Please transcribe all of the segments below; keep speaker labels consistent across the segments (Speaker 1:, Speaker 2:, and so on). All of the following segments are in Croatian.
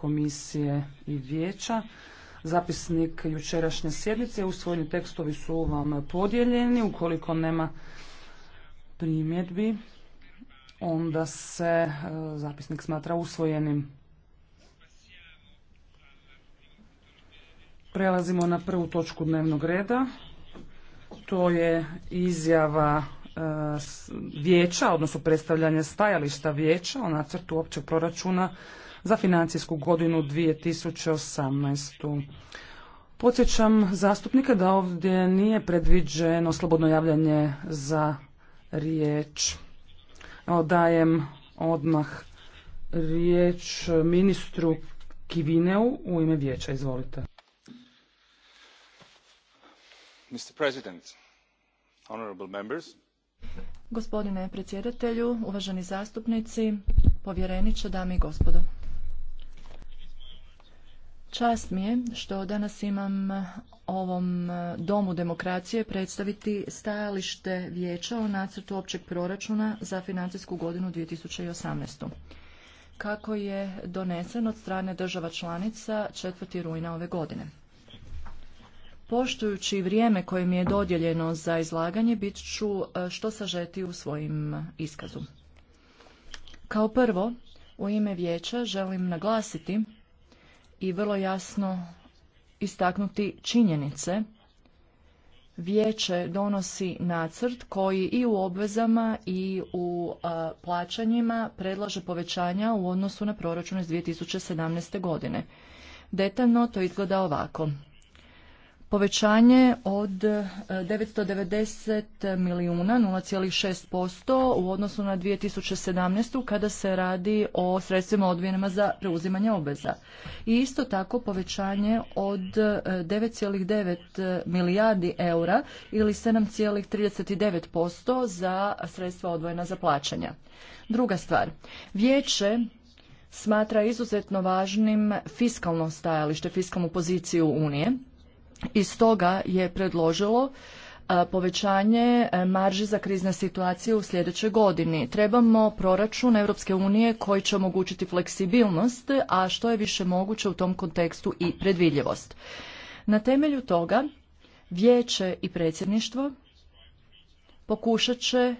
Speaker 1: komisije i vijeća. Zapisnik jučerašnje sjednice, usvojeni tekstovi su vam podijeljeni. Ukoliko nema primjedbi, onda se e, zapisnik smatra usvojenim. Prelazimo na prvu točku dnevnog reda. To je izjava e, vijeća, odnosno predstavljanje stajališta vijeća o nacrtu općeg proračuna za financijsku godinu 2018. Podsjećam zastupnike da ovdje nije predviđeno slobodno javljanje za riječ. dajem odmah riječ ministru Kivineu u ime vijeća. Izvolite. Gospodine
Speaker 2: predsjedatelju, uvaženi zastupnici, povjereniče, dame i gospodo. Čast mi je što danas imam eh, ovom eh, Domu demokracije predstaviti stajalište vijeća o nacrtu općeg proračuna za financijsku godinu 2018. Kako je donesen od strane država članica 4. rujna ove godine. Poštujući vrijeme koje mi je dodjeljeno za izlaganje, bit ću eh, što sažeti u svojim iskazu. Kao prvo, u ime vijeća želim naglasiti i vrlo jasno istaknuti činjenice. Vijeće donosi nacrt koji i u obvezama i u plaćanjima predlaže povećanja u odnosu na proračun iz 2017. godine. Detaljno to izgleda ovako povećanje od 990 e, milijuna 0,6% u odnosu na 2017. kada se radi o sredstvima odvijenima za preuzimanje obveza. I isto tako povećanje od 9,9 e, milijardi eura ili 7,39% za sredstva odvojena za plaćanja. Druga stvar, vijeće smatra izuzetno važnim fiskalno stajalište, fiskalnu poziciju Unije i stoga je predložilo povećanje e, marži za krizne situacije u sljedećoj godini. Trebamo proračun Europske unije koji će omogućiti fleksibilnost, a što je više moguće u tom kontekstu i predvidljivost. Na temelju toga vijeće i predsjedništvo pokušat će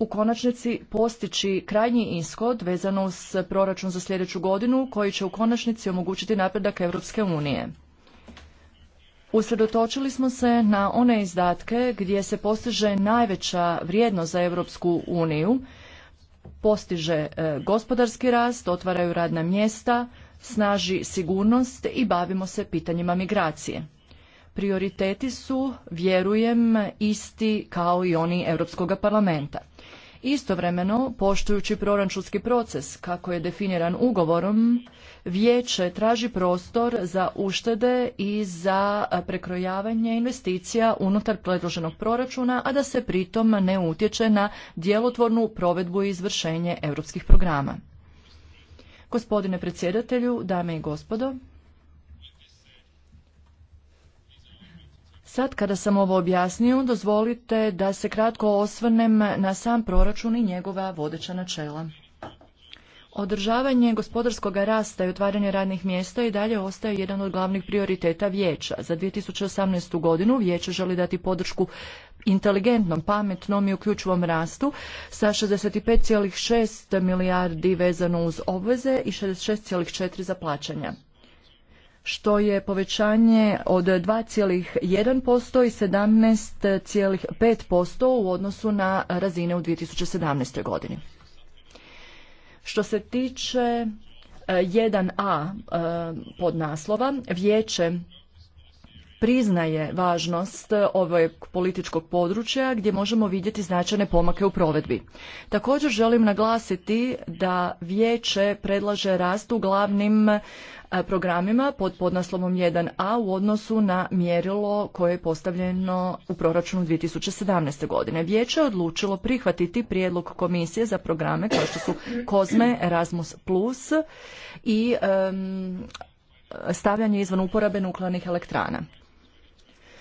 Speaker 2: u konačnici postići krajnji ishod vezano uz proračun za sljedeću godinu koji će u konačnici omogućiti napredak Europske unije. Usredotočili smo se na one izdatke gdje se postiže najveća vrijednost za Europsku uniju, postiže e, gospodarski rast, otvaraju radna mjesta, snaži sigurnost i bavimo se pitanjima migracije. Prioriteti su, vjerujem, isti kao i oni Europskog parlamenta. Istovremeno, poštujući proračunski proces kako je definiran ugovorom, vijeće traži prostor za uštede i za prekrojavanje investicija unutar predloženog proračuna, a da se pritom ne utječe na djelotvornu provedbu i izvršenje europskih programa. Gospodine predsjedatelju, dame i gospodo, Sad kada sam ovo objasnio, dozvolite da se kratko osvrnem na sam proračun i njegova vodeća načela. Održavanje gospodarskog rasta i otvaranje radnih mjesta i dalje ostaje jedan od glavnih prioriteta vijeća. Za 2018. godinu vijeće želi dati podršku inteligentnom, pametnom i uključivom rastu sa 65,6 milijardi vezano uz obveze i 66,4 za plaćanja što je povećanje od 2,1% i 17,5% u odnosu na razine u 2017. godini. Što se tiče 1a e, e, pod naslova, vijeće priznaje važnost eh, ovog političkog područja gdje možemo vidjeti značajne pomake u provedbi. Također želim naglasiti da vijeće predlaže rast u glavnim eh, programima pod podnaslovom 1a u odnosu na mjerilo koje je postavljeno u proračunu 2017. godine. Vijeće je odlučilo prihvatiti prijedlog komisije za programe kao što su COSME, Erasmus+, i stavljanje izvan uporabe nuklearnih elektrana.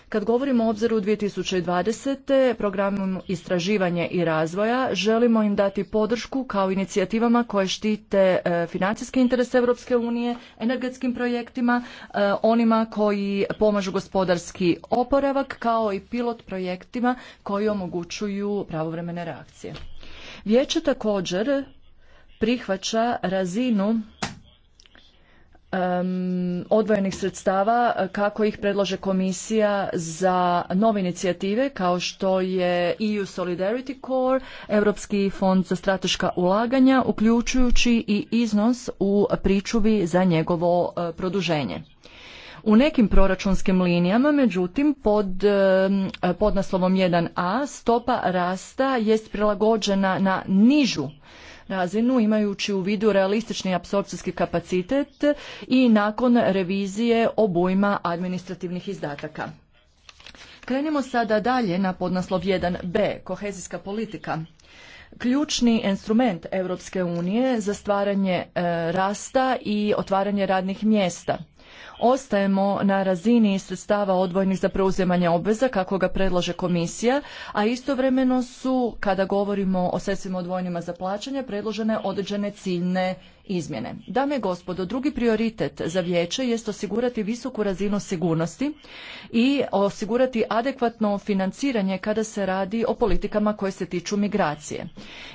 Speaker 2: Kad govorimo o obzoru 2020. programom istraživanja i razvoja, želimo im dati podršku kao inicijativama koje štite e, financijske interese Europske unije, energetskim projektima, e, onima koji pomažu gospodarski oporavak kao i pilot projektima koji omogućuju pravovremene reakcije. Vijeće također prihvaća razinu odvojenih sredstava e, kako ih predlaže komisija za nove inicijative kao što je EU Solidarity Corps, Europski fond za strateška ulaganja, uključujući i iznos u pričuvi za njegovo e, produženje. U nekim proračunskim linijama, međutim, pod, podnaslovom naslovom 1a stopa rasta jest prilagođena na nižu razinu imajući u vidu realistični apsorpcijski kapacitet i nakon revizije obujma administrativnih izdataka. Krenimo sada dalje na podnaslov 1b, kohezijska politika. Ključni instrument Europske unije za stvaranje e, rasta i otvaranje radnih mjesta ostajemo na razini sredstava odvojnih za preuzimanje obveza kako ga predlaže komisija, a istovremeno su, kada govorimo o sredstvima odvojenima za plaćanje, predložene određene ciljne izmjene. Dame i gospodo, drugi prioritet za vijeće jest osigurati visoku razinu sigurnosti i osigurati adekvatno financiranje kada se radi o politikama koje se tiču migracije.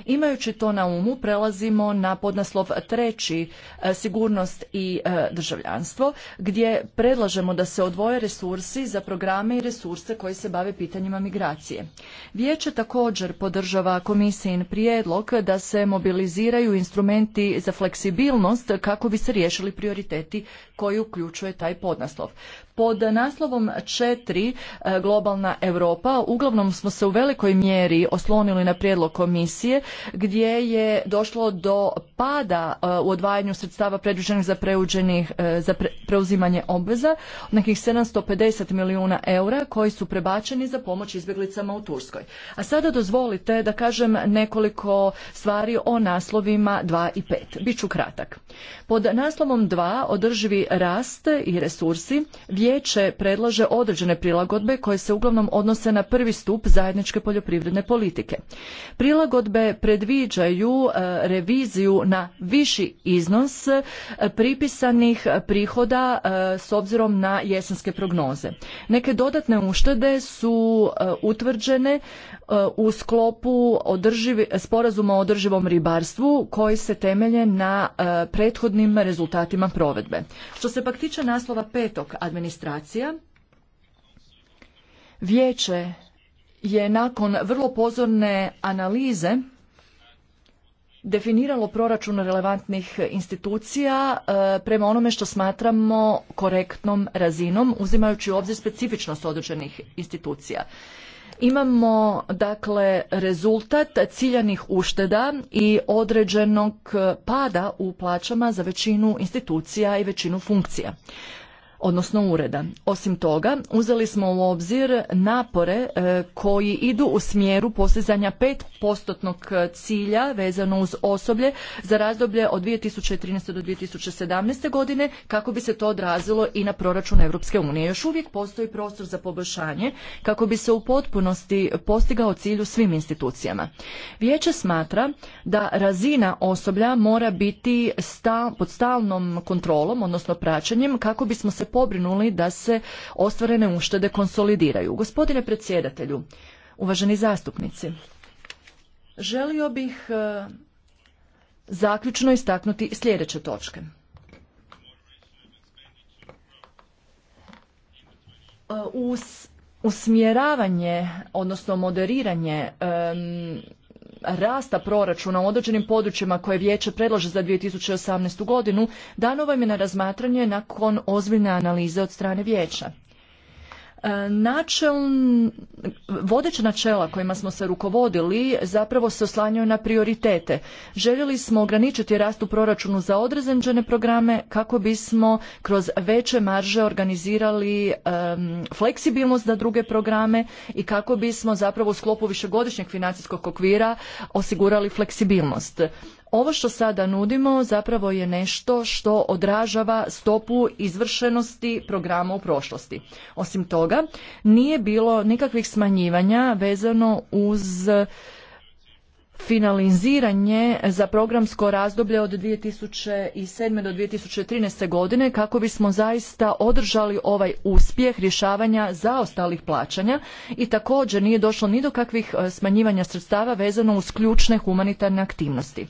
Speaker 2: Imajući to na umu, prelazimo na podnaslov treći e, sigurnost i e, državljanstvo, gdje predlažemo da se odvoje resursi za programe i resurse koji se bave pitanjima migracije. Vijeće također podržava komisijin prijedlog da se mobiliziraju instrumenti za fleksibilnost fleksibilnost kako bi se riješili prioriteti koji uključuje taj podnaslov. Pod naslovom četiri, e, Globalna Europa uglavnom smo se u velikoj mjeri oslonili na prijedlog komisije gdje je došlo do pada e, u odvajanju sredstava predviđenih za, e, preuzimanje obveza nekih 750 milijuna eura koji su prebačeni za pomoć izbjeglicama u Turskoj. A sada dozvolite da kažem nekoliko stvari o naslovima dva i 5. Biću kratak. Pod naslovom dva, održivi rast i resursi vijeće predlaže određene prilagodbe koje se uglavnom odnose na prvi stup zajedničke poljoprivredne politike. Prilagodbe predviđaju e, reviziju na viši iznos e, pripisanih prihoda e, s obzirom na jesenske prognoze. Neke dodatne uštede su utvrđene u sklopu sporazuma o održivom ribarstvu koji se temelje na prethodnim rezultatima provedbe. Što se pak tiče naslova petog administracije, administracija. Vijeće je nakon vrlo pozorne analize definiralo proračun relevantnih institucija e, prema onome što smatramo korektnom razinom, uzimajući u obzir specifičnost određenih institucija. Imamo dakle rezultat ciljanih ušteda i određenog pada u plaćama za većinu institucija i većinu funkcija odnosno ureda. Osim toga, uzeli smo u obzir napore e, koji idu u smjeru postizanja 5% cilja vezano uz osoblje za razdoblje od 2013. do 2017. godine kako bi se to odrazilo i na proračun Europske unije. Još uvijek postoji prostor za poboljšanje kako bi se u potpunosti postigao cilj u svim institucijama. Vijeće smatra da razina osoblja mora biti pod stalnom kontrolom, odnosno praćenjem, kako bismo se pobrinuli da se ostvarene uštede konsolidiraju. Gospodine predsjedatelju, uvaženi zastupnici, želio bih e, zaključno istaknuti sljedeće točke. E, Uz usmjeravanje, odnosno moderiranje rasta proračuna u određenim područjima koje vijeće predlaže za 2018. godinu dano vam je na razmatranje nakon ozbiljne analize od strane vijeća. E, Načel, vodeća načela kojima smo se rukovodili zapravo se oslanjaju na prioritete. Željeli smo ograničiti rast u proračunu za odrezenđene programe kako bismo kroz veće marže organizirali fleksibilnost za druge programe i kako bismo zapravo u sklopu višegodišnjeg financijskog okvira osigurali fleksibilnost. Ovo što sada nudimo zapravo je nešto što odražava stopu izvršenosti programa u prošlosti. Osim toga, nije bilo nikakvih smanjivanja vezano uz finaliziranje za programsko razdoblje od 2007. do 2013. godine kako bismo zaista održali ovaj uspjeh rješavanja zaostalih plaćanja i također nije došlo ni do kakvih e, smanjivanja sredstava vezano uz ključne humanitarne aktivnosti.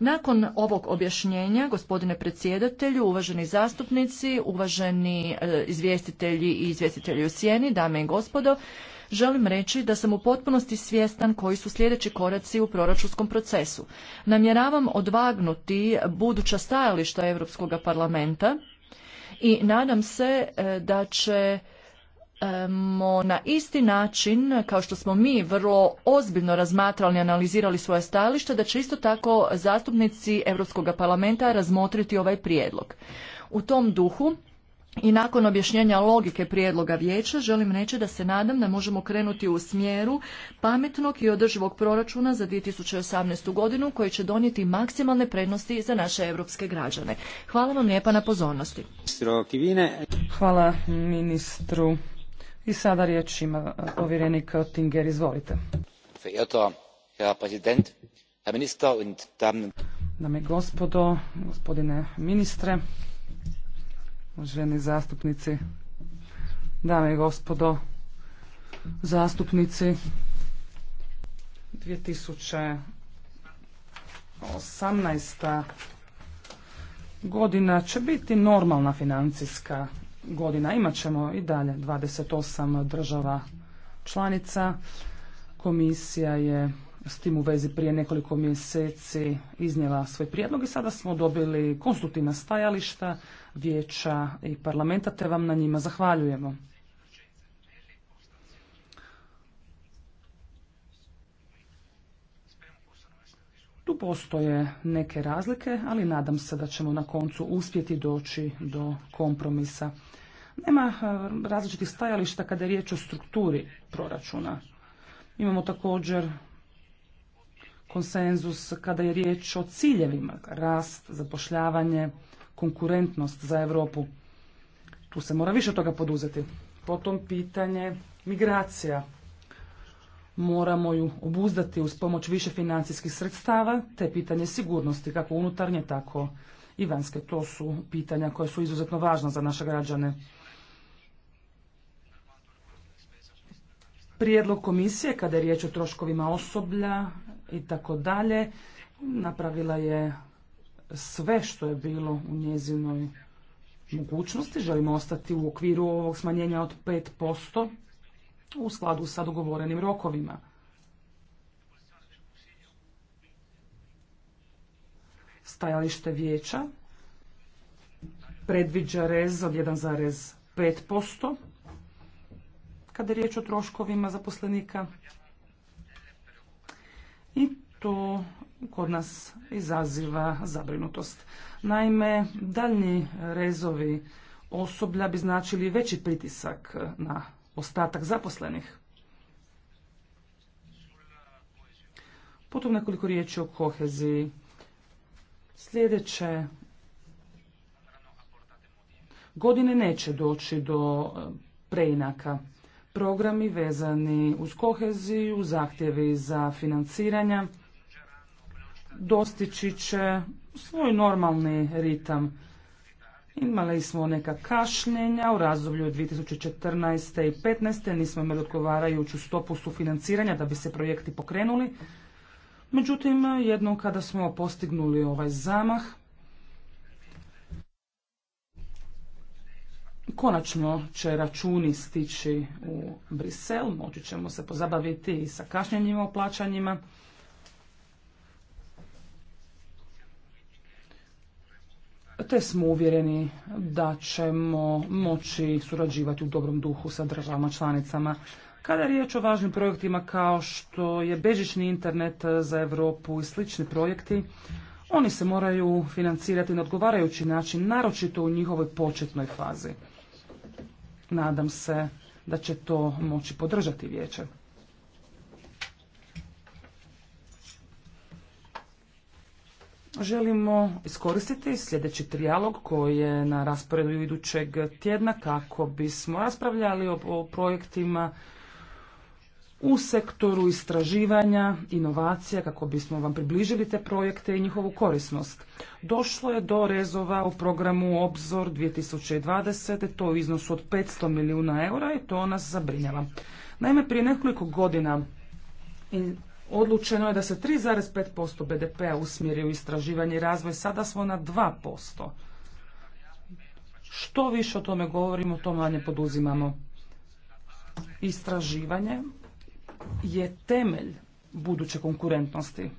Speaker 2: Nakon ovog objašnjenja, gospodine predsjedatelju, uvaženi zastupnici, uvaženi e, izvjestitelji i izvjestitelji u sjeni, dame i gospodo, želim reći da sam u potpunosti svjestan koji su sljedeći koraci u proračunskom procesu. Namjeravam odvagnuti buduća stajališta Europskog parlamenta i nadam se e, da će na isti način kao što smo mi vrlo ozbiljno razmatrali i analizirali svoje stajališta da će isto tako zastupnici Europskog parlamenta razmotriti ovaj prijedlog. U tom duhu i nakon objašnjenja logike prijedloga vijeća želim reći da se nadam da možemo krenuti u smjeru pametnog i održivog proračuna za 2018. godinu koji će donijeti maksimalne prednosti za naše europske građane.
Speaker 1: Hvala vam lijepa na pozornosti. Hvala ministru i sada riječ ima e, povjerenik Tinger, izvolite. Dame i gospodo, gospodine ministre, uvaženi zastupnici, dame i gospodo, zastupnici, 2018. godina će biti normalna financijska godina. Imat ćemo i dalje 28 država članica. Komisija je s tim u vezi prije nekoliko mjeseci iznijela svoj prijedlog i sada smo dobili konstruktivna stajališta vijeća i parlamenta te vam na njima zahvaljujemo. Tu postoje neke razlike, ali nadam se da ćemo na koncu uspjeti doći do kompromisa. Nema eh, različitih stajališta kada je riječ o strukturi proračuna. Imamo također konsenzus kada je riječ o ciljevima, rast, zapošljavanje, konkurentnost za Europu. Tu se mora više toga poduzeti. Potom pitanje migracija. Moramo ju obuzdati uz pomoć više financijskih sredstava, te pitanje sigurnosti, kako unutarnje, tako i vanjske. To su pitanja koja su izuzetno važna za naše građane. prijedlog komisije kada je riječ o troškovima osoblja i tako dalje. Napravila je sve što je bilo u njezinoj mogućnosti. Želimo ostati u okviru ovog smanjenja od 5% u skladu sa dogovorenim rokovima. Stajalište vijeća predviđa rez od 1,5% kada je riječ o troškovima zaposlenika. I to kod nas izaziva zabrinutost. Naime, daljni rezovi osoblja bi značili veći pritisak na ostatak zaposlenih. Potom nekoliko riječi o koheziji. Sljedeće godine neće doći do e, preinaka programi vezani uz koheziju, zahtjevi za financiranja dostići će svoj normalni ritam. Imali smo neka kašnjenja u razdoblju 2014. i 2015. Nismo imali odgovarajuću stopu sufinanciranja da bi se projekti pokrenuli. Međutim, jednom kada smo postignuli ovaj zamah, Konačno će računi stići u Brisel, moći ćemo se pozabaviti i sa kašnjenjima o plaćanjima. Te smo uvjereni da ćemo moći surađivati u dobrom duhu sa državama članicama. Kada je riječ o važnim projektima kao što je bežični internet za Europu i slični projekti, oni se moraju financirati na odgovarajući način, naročito u njihovoj početnoj fazi. Nadam se da će to moći podržati vijeće. Želimo iskoristiti sljedeći trijalog koji je na rasporedu idućeg tjedna kako bismo raspravljali o projektima u sektoru istraživanja, inovacija, kako bismo vam približili te projekte i njihovu korisnost. Došlo je do rezova u programu Obzor 2020. to u iznosu od 500 milijuna eura i to nas zabrinjava. Naime, prije nekoliko godina odlučeno je da se 3,5% BDP-a usmjeri u istraživanje i razvoj, sada smo na 2%. Što više o tome govorimo, to manje poduzimamo. Istraživanje je temelj buduće konkurentnosti.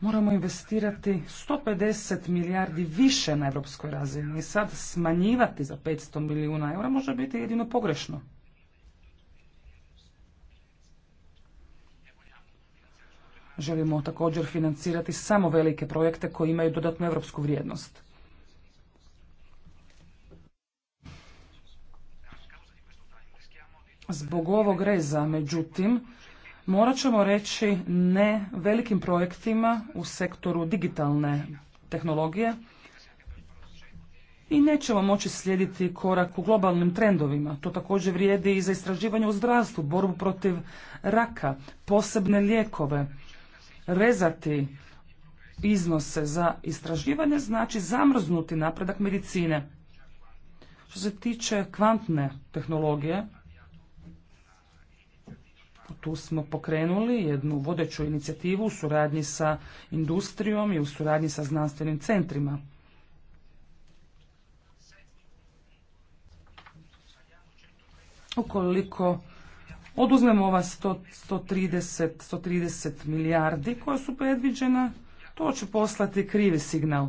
Speaker 1: Moramo investirati 150 milijardi više na europskoj razini i sad smanjivati za 500 milijuna eura može biti jedino pogrešno. Želimo također financirati samo velike projekte koji imaju dodatnu europsku vrijednost. zbog ovog reza, međutim, morat ćemo reći ne velikim projektima u sektoru digitalne tehnologije i nećemo moći slijediti korak u globalnim trendovima. To također vrijedi i za istraživanje u zdravstvu, borbu protiv raka, posebne lijekove. Rezati iznose za istraživanje znači zamrznuti napredak medicine. Što se tiče kvantne tehnologije, tu smo pokrenuli jednu vodeću inicijativu u suradnji sa industrijom i u suradnji sa znanstvenim centrima. Ukoliko oduzmemo ova 130, 130 milijardi koja su predviđena, to će poslati krivi signal.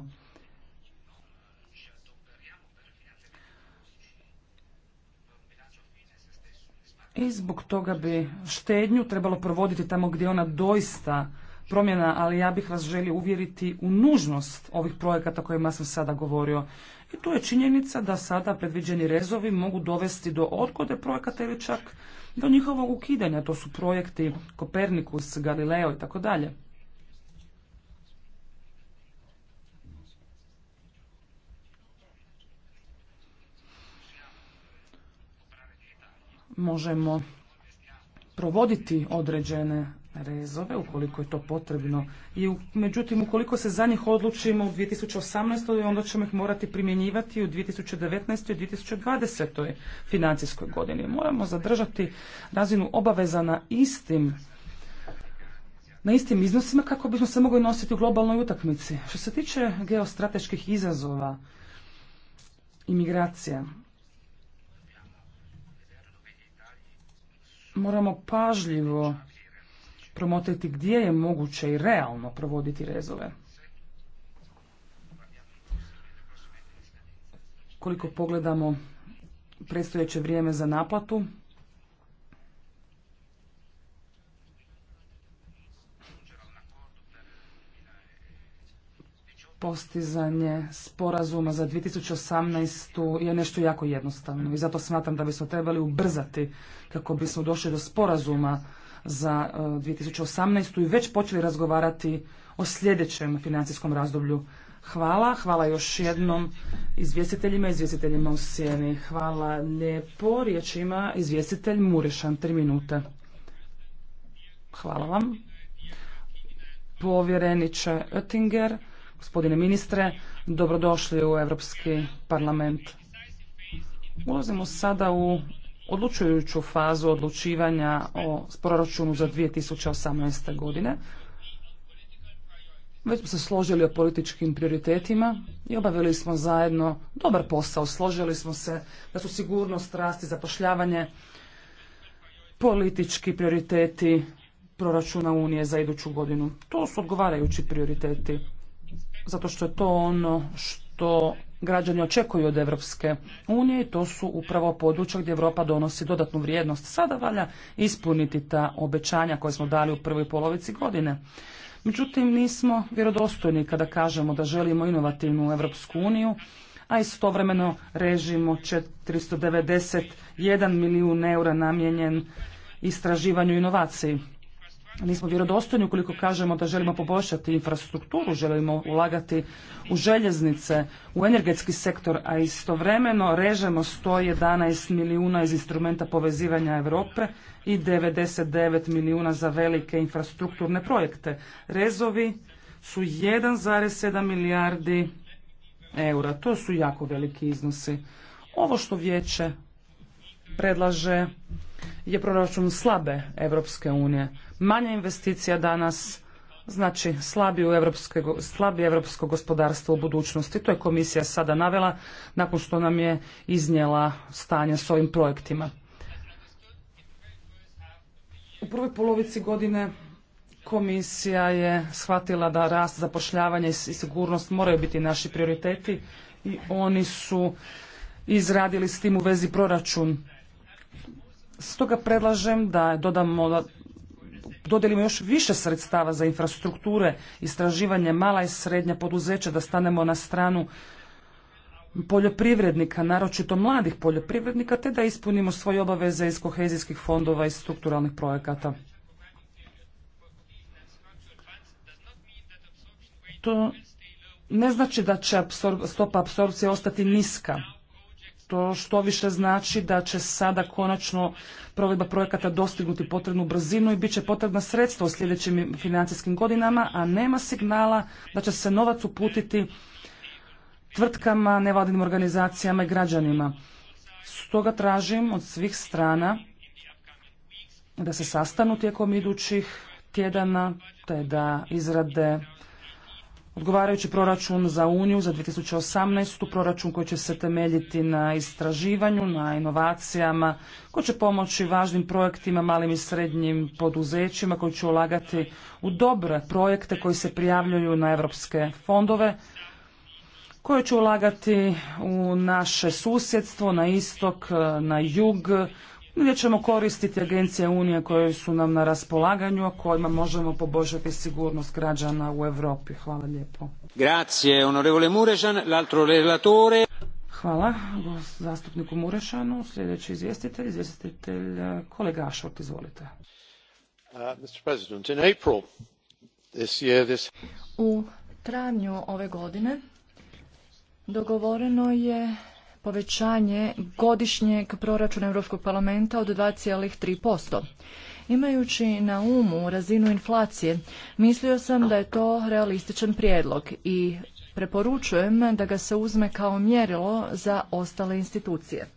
Speaker 1: i zbog toga bi štednju trebalo provoditi tamo gdje ona doista promjena, ali ja bih vas želio uvjeriti u nužnost ovih projekata o kojima sam sada govorio. I tu je činjenica da sada predviđeni rezovi mogu dovesti do odgode projekata ili čak do njihovog ukidanja. To su projekti Kopernikus, Galileo i tako dalje. možemo provoditi određene rezove ukoliko je to potrebno. I međutim, ukoliko se za njih odlučimo u 2018. onda ćemo ih morati primjenjivati u 2019. i 2020. financijskoj godini. Moramo zadržati razinu obaveza na istim na istim iznosima kako bismo se mogli nositi u globalnoj utakmici. Što se tiče geostrateških izazova imigracija. moramo pažljivo promotriti gdje je moguće i realno provoditi rezove. Koliko pogledamo predstojeće vrijeme za naplatu, postizanje sporazuma za 2018. je nešto jako jednostavno i zato smatram da bismo trebali ubrzati kako bismo došli do sporazuma za 2018. E, i već počeli razgovarati o sljedećem financijskom razdoblju. Hvala, hvala još jednom izvjestiteljima i izvjestiteljima u sjeni. Hvala lijepo, riječ ima izvjestitelj Murišan, tri minute. Hvala vam. Povjereniče Oettinger, Gospodine ministre, dobrodošli u Europski parlament. Ulazimo sada u odlučujuću fazu odlučivanja o proračunu za 2018. godine. Već smo se složili o političkim prioritetima i obavili smo zajedno dobar posao. Složili smo se da su sigurnost, rast i zapošljavanje politički prioriteti proračuna Unije za iduću godinu. To su odgovarajući prioriteti zato što je to ono što građani očekuju od Evropske unije i to su upravo područja gdje Europa donosi dodatnu vrijednost. Sada valja ispuniti ta obećanja koje smo dali u prvoj polovici godine. Međutim, nismo vjerodostojni kada kažemo da želimo inovativnu Evropsku uniju, a istovremeno režimo 491 milijun eura namijenjen istraživanju inovaciji nismo vjerodostojni ukoliko kažemo da želimo poboljšati infrastrukturu, želimo ulagati u željeznice, u energetski sektor, a istovremeno režemo 111 milijuna iz instrumenta povezivanja Europe i 99 milijuna za velike infrastrukturne projekte. Rezovi su 1,7 milijardi eura. To su jako veliki iznosi. Ovo što vijeće predlaže je proračun slabe Europske unije manje investicija danas znači slabiju slabije europsko gospodarstvo u budućnosti. To je komisija sada navela nakon što nam je iznijela stanje s ovim projektima. U prvoj polovici godine komisija je shvatila da rast, zapošljavanja i sigurnost moraju biti naši prioriteti i oni su izradili s tim u vezi proračun. Stoga predlažem da dodamo dodelimo još više sredstava za infrastrukture, istraživanje mala i srednja poduzeća, da stanemo na stranu poljoprivrednika, naročito mladih poljoprivrednika, te da ispunimo svoje obaveze iz kohezijskih fondova i strukturalnih projekata. To ne znači da će stopa apsorpcije ostati niska. To što više znači da će sada konačno provedba projekata dostignuti potrebnu brzinu i bit će potrebna sredstva u sljedećim financijskim godinama, a nema signala da će se novac uputiti tvrtkama, nevladinim organizacijama i građanima. Stoga tražim od svih strana da se sastanu tijekom idućih tjedana, te da izrade odgovarajući proračun za Uniju za 2018. proračun koji će se temeljiti na istraživanju, na inovacijama, koji će pomoći važnim projektima, malim i srednjim poduzećima koji će ulagati u dobre projekte koji se prijavljuju na europske fondove, koji će ulagati u naše susjedstvo, na istok, na jug, gdje ćemo koristiti agencije Unije koje su nam na raspolaganju, a kojima možemo poboljšati sigurnost građana u Europi. Hvala lijepo. Grazie, onorevole l'altro relatore. Hvala zastupniku Murešanu. Sljedeći izvjestitelj, izvjestitelj eh, kolega Ašort, izvolite. Uh, u
Speaker 2: travnju ove godine dogovoreno je povećanje godišnjeg proračuna Europskog parlamenta od 2,3%. Imajući na umu razinu inflacije, mislio sam da je to realističan prijedlog i preporučujem da ga se uzme kao mjerilo za ostale institucije.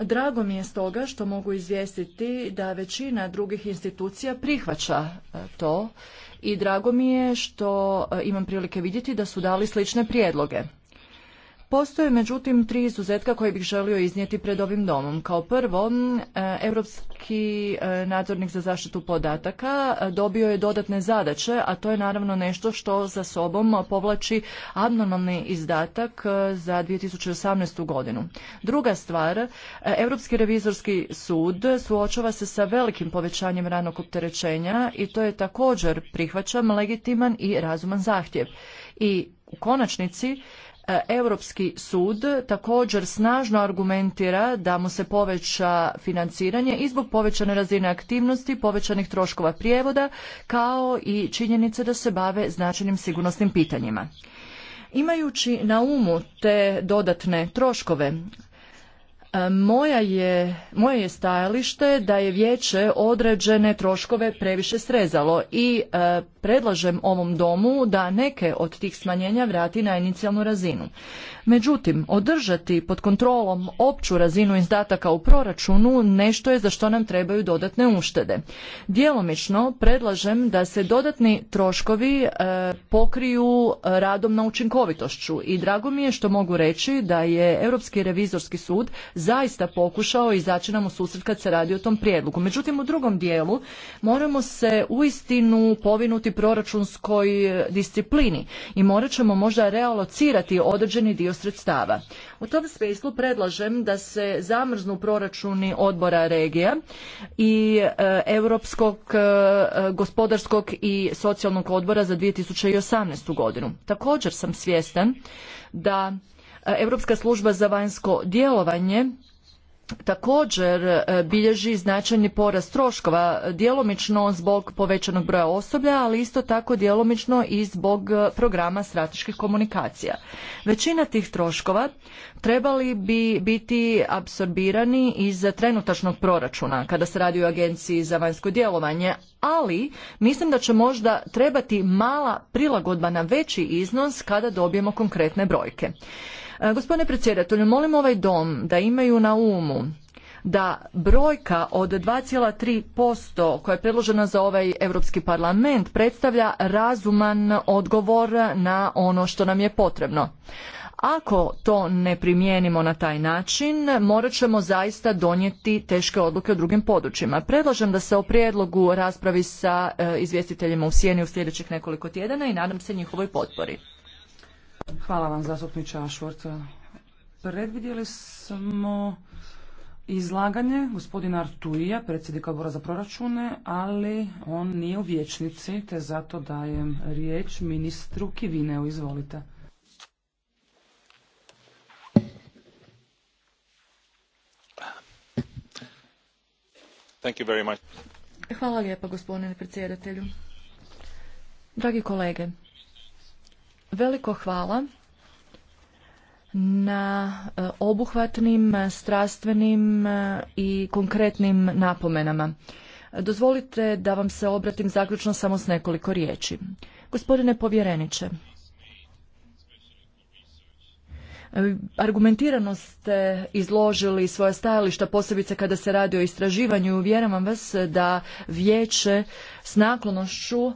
Speaker 2: Drago mi je stoga što mogu izvijestiti da većina drugih institucija prihvaća e, to i drago mi je što e, imam prilike vidjeti da su dali slične prijedloge. Postoje međutim tri izuzetka koje bih želio iznijeti pred ovim domom. Kao prvo, e, Europski e, nadzornik za zaštitu podataka e, dobio je dodatne zadaće, a to je naravno nešto što za sobom povlači abnormalni izdatak za 2018. godinu. Druga stvar, Europski revizorski sud suočava se sa velikim povećanjem ranog opterećenja i to je također prihvaćam legitiman i razuman zahtjev. I u konačnici E, Europski sud također snažno argumentira da mu se poveća financiranje i zbog povećane razine aktivnosti, povećanih troškova prijevoda, kao i činjenice da se bave značajnim sigurnosnim pitanjima. Imajući na umu te dodatne troškove, E, moja je, moje je stajalište da je vijeće određene troškove previše srezalo i e, predlažem ovom domu da neke od tih smanjenja vrati na inicijalnu razinu. Međutim, održati pod kontrolom opću razinu izdataka u proračunu nešto je za što nam trebaju dodatne uštede. Djelomično predlažem da se dodatni troškovi e, pokriju radom na učinkovitošću i drago mi je što mogu reći da je Europski revizorski sud zaista pokušao i nam u susret kad se radi o tom prijedlogu. Međutim, u drugom dijelu moramo se uistinu povinuti proračunskoj e, disciplini i morat ćemo možda realocirati određeni dio sredstava. U tom smislu predlažem da se zamrznu proračuni odbora regija i e, Europskog e, gospodarskog i socijalnog odbora za 2018. godinu. Također sam svjestan da E, Europska služba za vanjsko djelovanje također e, bilježi značajni porast troškova, djelomično zbog povećanog broja osoblja, ali isto tako djelomično i zbog e, programa strateških komunikacija. Većina tih troškova trebali bi biti apsorbirani iz trenutačnog proračuna kada se radi o Agenciji za vanjsko djelovanje, ali mislim da će možda trebati mala prilagodba na veći iznos kada dobijemo konkretne brojke. E, gospodine predsjedatelju, molim ovaj dom da imaju na umu da brojka od 2,3% koja je predložena za ovaj Europski parlament predstavlja razuman odgovor na ono što nam je potrebno. Ako to ne primijenimo na taj način, morat ćemo zaista donijeti teške odluke u drugim područjima. Predlažem da se o prijedlogu raspravi sa e, izvjestiteljima u sjeni u sljedećih nekoliko tjedana i nadam
Speaker 1: se njihovoj potpori. Hvala vam zastupniče Ašvort. Predvidjeli smo izlaganje gospodina Artuija, predsjednika odbora za proračune, ali on nije u vječnici, te zato dajem riječ ministru Kivineu. Izvolite.
Speaker 2: Hvala lijepa gospodine predsjedatelju. Dragi kolege, Veliko hvala na e, obuhvatnim, e, strastvenim e, i konkretnim napomenama. Dozvolite da vam se obratim zaključno samo s nekoliko riječi. Gospodine povjereniče, Argumentirano ste izložili svoje stajališta, posebice kada se radi o istraživanju. uvjeravam vas da vijeće s naklonošću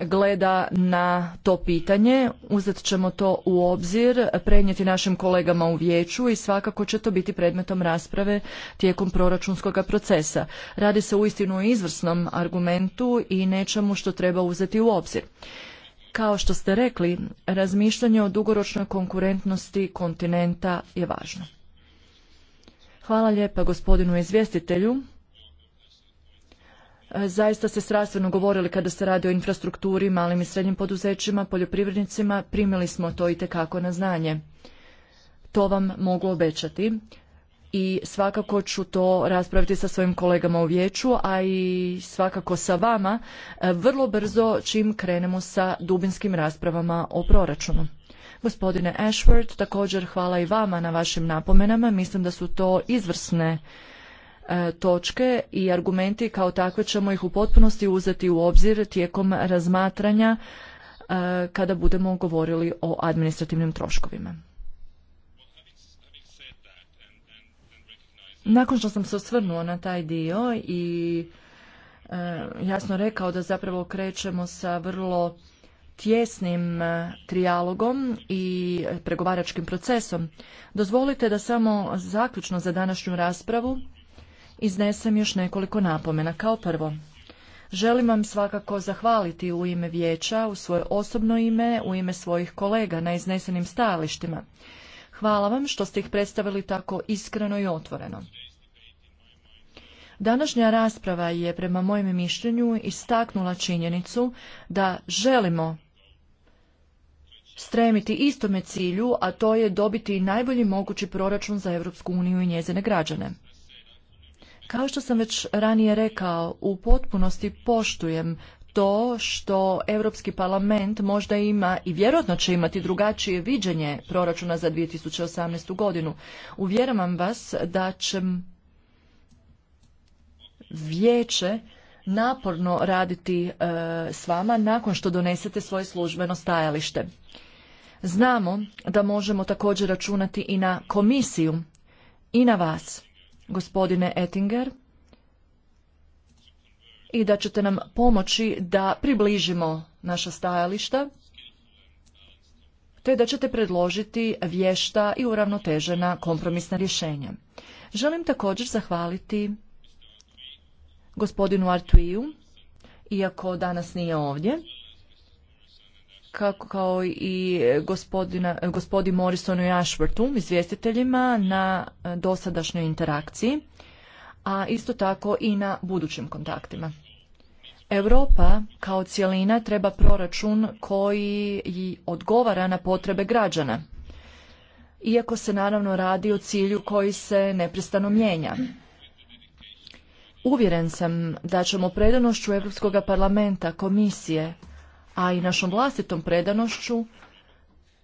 Speaker 2: gleda na to pitanje. Uzet ćemo to u obzir, prenijeti našim kolegama u vijeću i svakako će to biti predmetom rasprave tijekom proračunskog procesa. Radi se uistinu o izvrsnom argumentu i nečemu što treba uzeti u obzir. Kao što ste rekli, razmišljanje o dugoročnoj konkurentnosti kontinenta je važno. Hvala lijepa gospodinu izvjestitelju. Zaista ste strastveno govorili kada se radi o infrastrukturi, malim i srednjim poduzećima, poljoprivrednicima, primili smo to i tekako na znanje. To vam mogu obećati i svakako ću to raspraviti sa svojim kolegama u vijeću, a i svakako sa vama e, vrlo brzo čim krenemo sa dubinskim raspravama o proračunu. Gospodine Ashford, također hvala i vama na vašim napomenama. Mislim da su to izvrsne e, točke i argumenti kao takve ćemo ih u potpunosti uzeti u obzir tijekom razmatranja e, kada budemo govorili o administrativnim troškovima. Nakon što sam se osvrnuo na taj dio i e, jasno rekao da zapravo krećemo sa vrlo tjesnim e, trijalogom i pregovaračkim procesom, dozvolite da samo zaključno za današnju raspravu iznesem još nekoliko napomena. Kao prvo, želim vam svakako zahvaliti u ime vijeća, u svoje osobno ime, u ime svojih kolega na iznesenim stajalištima. Hvala vam što ste ih predstavili tako iskreno i otvoreno. Današnja rasprava je prema mojem mišljenju istaknula činjenicu da želimo stremiti istome cilju, a to je dobiti najbolji mogući proračun za Europsku uniju i njezine građane. Kao što sam već ranije rekao, u potpunosti poštujem to što Europski parlament možda ima i vjerojatno će imati drugačije viđenje proračuna za 2018. godinu. Uvjeravam vas da će vijeće naporno raditi e, s vama nakon što donesete svoje službeno stajalište. Znamo da možemo također računati i na komisiju i na vas, gospodine Ettinger i da ćete nam pomoći da približimo naša stajališta te da ćete predložiti vješta i uravnotežena kompromisna rješenja. Želim također zahvaliti gospodinu Artuiju, iako danas nije ovdje, kao i gospodi Morrisonu i Ashworthu, izvjestiteljima na dosadašnjoj interakciji a isto tako i na budućim kontaktima. Europa kao cjelina treba proračun koji i odgovara na potrebe građana. Iako se naravno radi o cilju koji se neprestano mijenja. Uvjeren sam da ćemo predanošću Europskog parlamenta, komisije, a i našom vlastitom predanošću